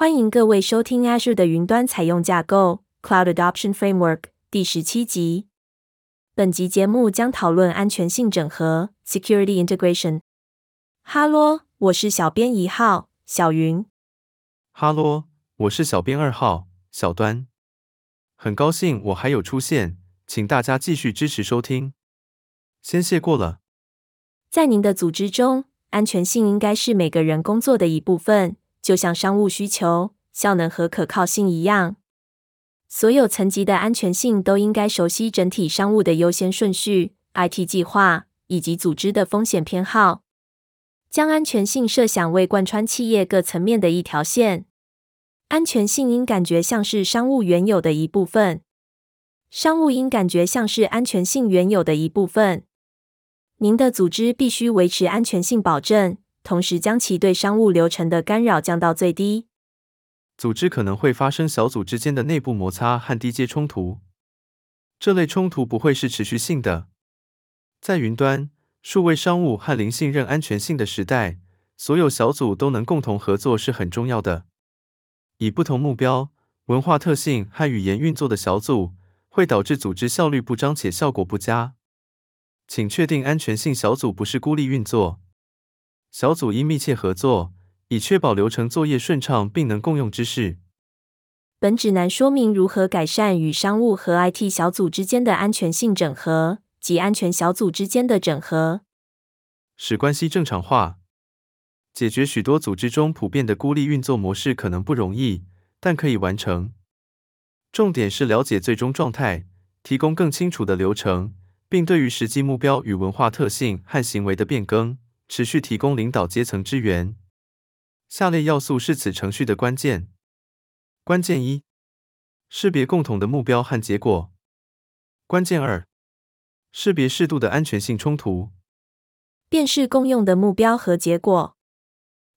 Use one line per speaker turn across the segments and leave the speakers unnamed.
歡迎各位收聽 Azure 的雲端採用架構 （Cloud Adoption Framework） 第十七集。本集節目將討論安全性整合 （Security Integration）。哈嘍，我是小編一號，小雲。
哈嘍，我是小編二號，小端。很高興我還有出現，請大家繼續支持收聽，先謝過了。在您
的組織中，安全性應該是每個人工作的一部分。就像商務需求、效能和可靠性一樣，所有層級的安全性都應該熟悉整體商務的優先順序、IT 計劃以及組織的風險偏好。將安全性設想為貫穿企業各層面的一條線，安全性應感覺像是商務原有的一部分，商務應感覺像是安全性原有的一部分。您的組織必須維持安全性保證。同時，將其對商務流程的干擾降到最低。
組織可能會發生小組之間的內部摩擦和低階衝突。這類衝突不會是持續性的。在雲端、數位商務和零信任安全性的時代，所有小組都能共同合作是很重要的。以不同目標、文化特性和語言運作的小組，會導致組織效率不彰且效果不佳。請確定安全性小組不是孤立運作。小組應密切合作，以確保流程作業順暢，並能共用知識。
本指南說明如何改善與商務和 IT 小組之間的安全性整合及安全小組之間的整合，
使關係正常化。解決許多組織中普遍的孤立運作模式可能不容易，但可以完成。重點是了解最終狀態，提供更清楚的流程，並對於實際目標與文化特性和行為的變更。持續提供領導階層支援。下列要素是此程序的關鍵：關鍵一，識別共同的目標和結果；關鍵二，識別適度的安全性衝突。辨
識共用的目標和結果，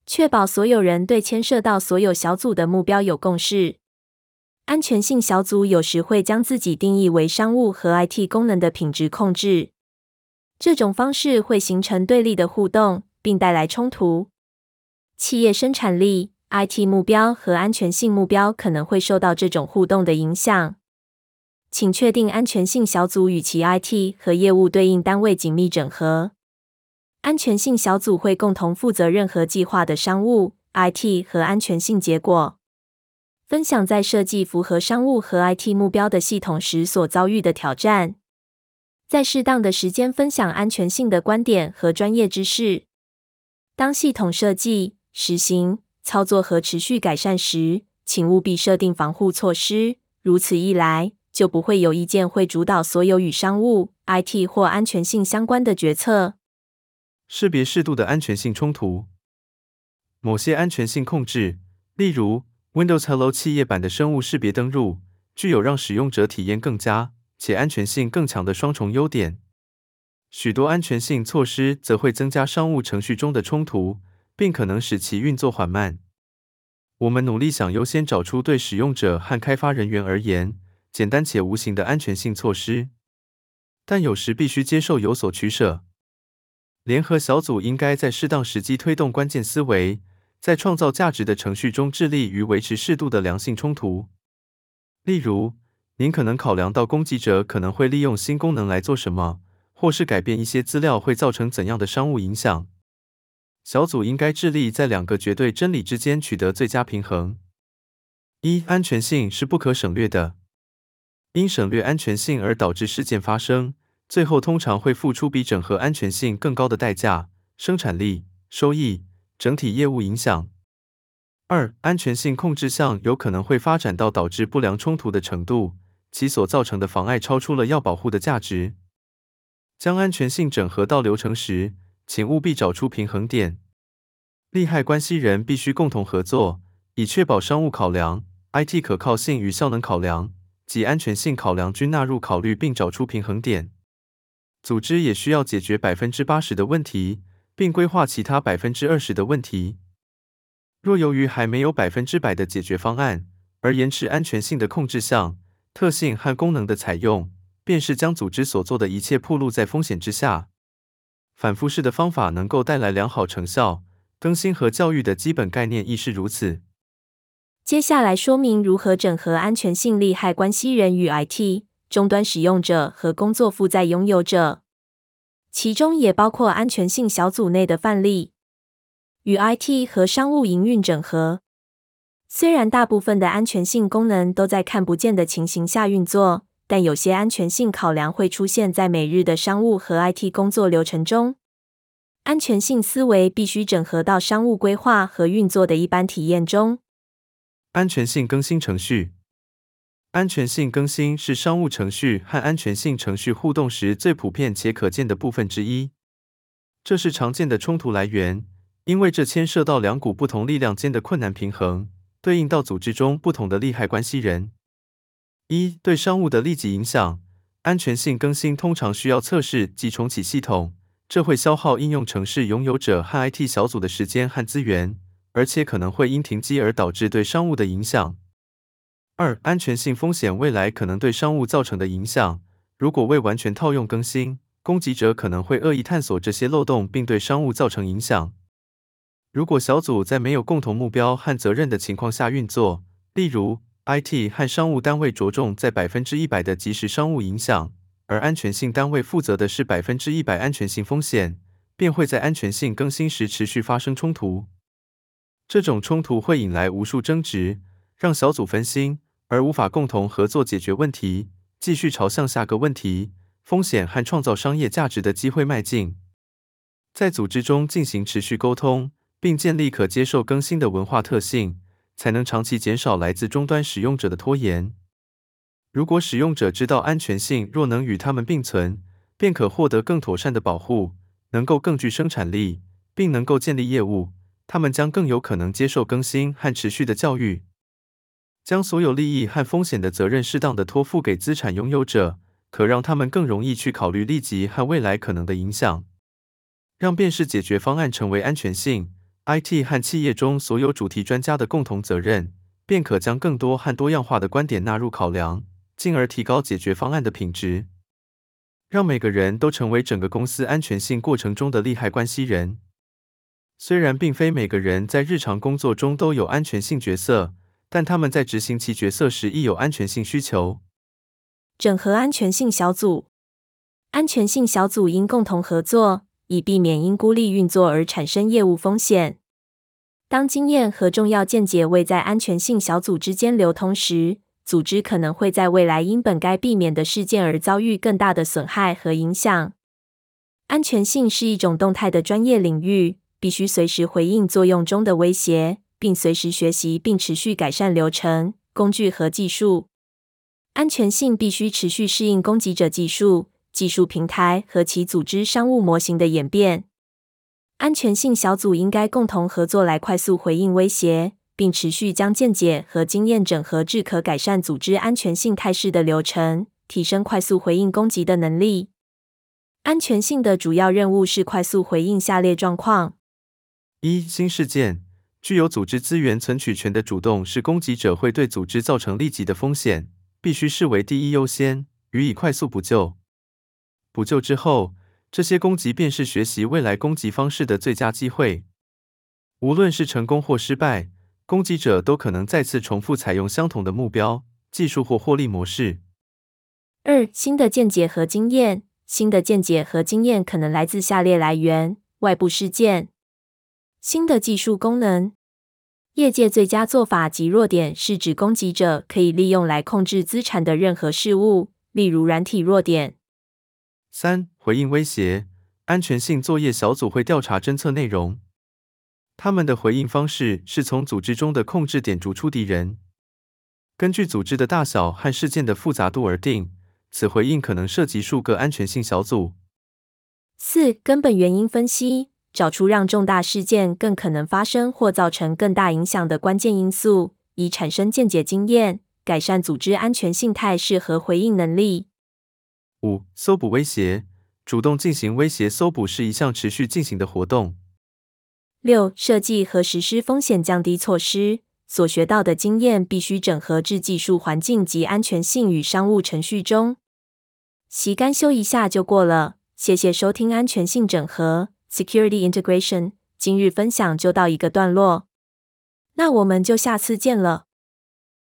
確保所有人對牽涉到所有小組的目標有共識。安全性小組有時會將自己定義為商務和 IT 功能的品質控制。這種方式會形成對立的互動，並帶來衝突。企業生產力、IT 目標和安全性目標可能會受到這種互動的影響。請確定安全性小組與其 IT 和業務對應單位緊密整合。安全性小組會共同負責任何計劃的商務、IT 和安全性結果，分享在設計符合商務和 IT 目標的系統時所遭遇的挑戰。在適當的時間分享安全性的觀點和專業知識。當系統設計、實行、操作和持續改善時，請務必設定防護措施，如此一來，就不會有意見會主導所有與商務、IT 或安全性相關的決策。
識別適度的安全性衝突。某些安全性控制，例如 Windows Hello 企業版的生物識別登錄，具有讓使用者體驗更佳，且安全性更強的雙重優點。許多安全性措施則會增加商務程序中的衝突，並可能使其運作緩慢。我們努力想優先找出對使用者和開發人員而言簡單且無形的安全性措施，但有時必須接受有所取捨。聯合小組應該在適當時機推動關鍵思維，在創造價值的程序中致力於維持適度的良性衝突，例如。您可能考量到攻擊者可能會利用新功能來做什麼，或是改變一些資料會造成怎樣的商務影響。小組應該致力在兩個絕對真理之間取得最佳平衡：一、安全性是不可省略的。因省略安全性而導致事件發生，最後通常會付出比整合安全性更高的代價，生產力、收益、整體業務影響。二、安全性控制項有可能會發展到導致不良衝突的程度。其所造成的妨礙超出了要保護的價值。將安全性整合到流程時，請務必找出平衡點。利害關係人必須共同合作，以確保商務考量、IT 可靠性與效能考量及安全性考量均納入考慮，並找出平衡點。組織也需要解決百分之八十的問題，並規劃其他百分之二十的問題。若由於還沒有百分之百的解決方案，而延遲安全性的控制項。特性和功能的採用，便是將組織所做的一切暴露在風險之下。反復式的方法能夠帶來良好成效，更新和教育的基本概念亦是如此。
接下來說明如何整合安全性利害關係人與 IT，終端使用者和工作負載擁有者，其中也包括安全性小組內的範例，與 IT 和商務營運整合。雖然大部分的安全性功能都在看不見的情形下運作，但有些安全性考量會出現在每日的商務和 IT 工作流程中。安全性思維必須整合到商務規劃和運作的一般體驗中。
安全性更新程序。安全性更新是商務程序和安全性程序互動時最普遍且可見的部分之一。這是常見的衝突來源，因為這牽涉到兩股不同力量間的困難平衡。對應到組織中不同的利害關係人：一、對商務的立即影響，安全性更新通常需要測試及重啟系統，這會消耗應用程式擁有者和 IT 小組的時間和資源，而且可能會因停機而導致對商務的影響。二、安全性風險未來可能對商務造成的影響，如果未完全套用更新，攻擊者可能會惡意探索這些漏洞，並對商務造成影響。如果小組在沒有共同目標和責任的情況下運作，例如 IT 和商務單位着重在百分之一百的即時商務影響，而安全性單位負責的是百分之一百安全性風險，便會在安全性更新時持續發生衝突。這種衝突會引來無數爭執，讓小組分心，而無法共同合作解決問題，繼續朝向下個問題、風險和創造商業價值的機會邁進。在組織中進行持續溝通。並建立可接受更新的文化特性，才能長期減少來自終端使用者的拖延。如果使用者知道安全性若能與他們並存，便可獲得更妥善的保護，能夠更具生產力，並能夠建立業務，他們將更有可能接受更新和持續的教育。將所有利益和風險的責任適當的托付給資產擁有者，可讓他們更容易去考慮立即和未來可能的影響，讓便是解決方案成為安全性，IT 和企業中所有主題專家的共同責任，便可將更多和多樣化的觀點納入考量，進而提高解決方案的品質，讓每個人都成為整個公司安全性過程中的利害關係人。雖然並非每個人在日常工作中都有安全性角色，但他們在執行其角色時亦有安全性需求。
整合安全性小組，安全性小組應共同合作。以避免因孤立運作而產生業務風險。當經驗和重要見解未在安全性小組之間流通時，組織可能會在未來因本該避免的事件而遭遇更大的損害和影響。安全性是一種動態的專業領域，必須隨時回應作用中的威脅，並隨時學習並持續改善流程、工具和技術。安全性必須持續適應攻擊者技術，技術平台和其組織商務模型的演變，安全性小組應該共同合作來快速回應威脅，並持續將見解和經驗整合至可改善組織安全性態勢的流程，提升快速回應攻擊的能力。安全性的主要任務是快速回應下列
狀況：一、新事件，具有組織資源存取權的主動式攻擊者會對組織造成立即的風險，必須視為第一優先，予以快速補救。補救之後，這些攻擊便是學習未來攻擊方式的最佳機會。無論是成功或失敗，攻擊者都可能再次重複採用相同的目標、技術或獲利模式。
二、新的見解和經驗，新的見解和經驗可能來自下列來源：外部事件、新的技術功能、業界最佳做法及弱點，是指攻擊者可以利用來控制資產的任何事物，例如軟體弱點。三、
回應威脅，安全性作業小組會調查偵測內容。他們的回應方式是從組織中的控制點逐出敵人。根據組織的大小和事件的複雜度而定，此回應可能涉及數個安全性小組。
四、根本原因分析，找出讓重大事件更可能發生或造成更大影響的關鍵因素，以產生間接經驗，改善組織安全性態勢和回應能力。
五、搜捕威脅，主動進行威脅搜捕是一項持續進行的活動。
六、設計和實施風險降低措施，所學到的經驗必須整合至技術環境及安全性與商務程序中。洗干修一下就過了，謝謝收聽安全性整合 （Security Integration） 今日分享就到一個段落，那我們就下次見了。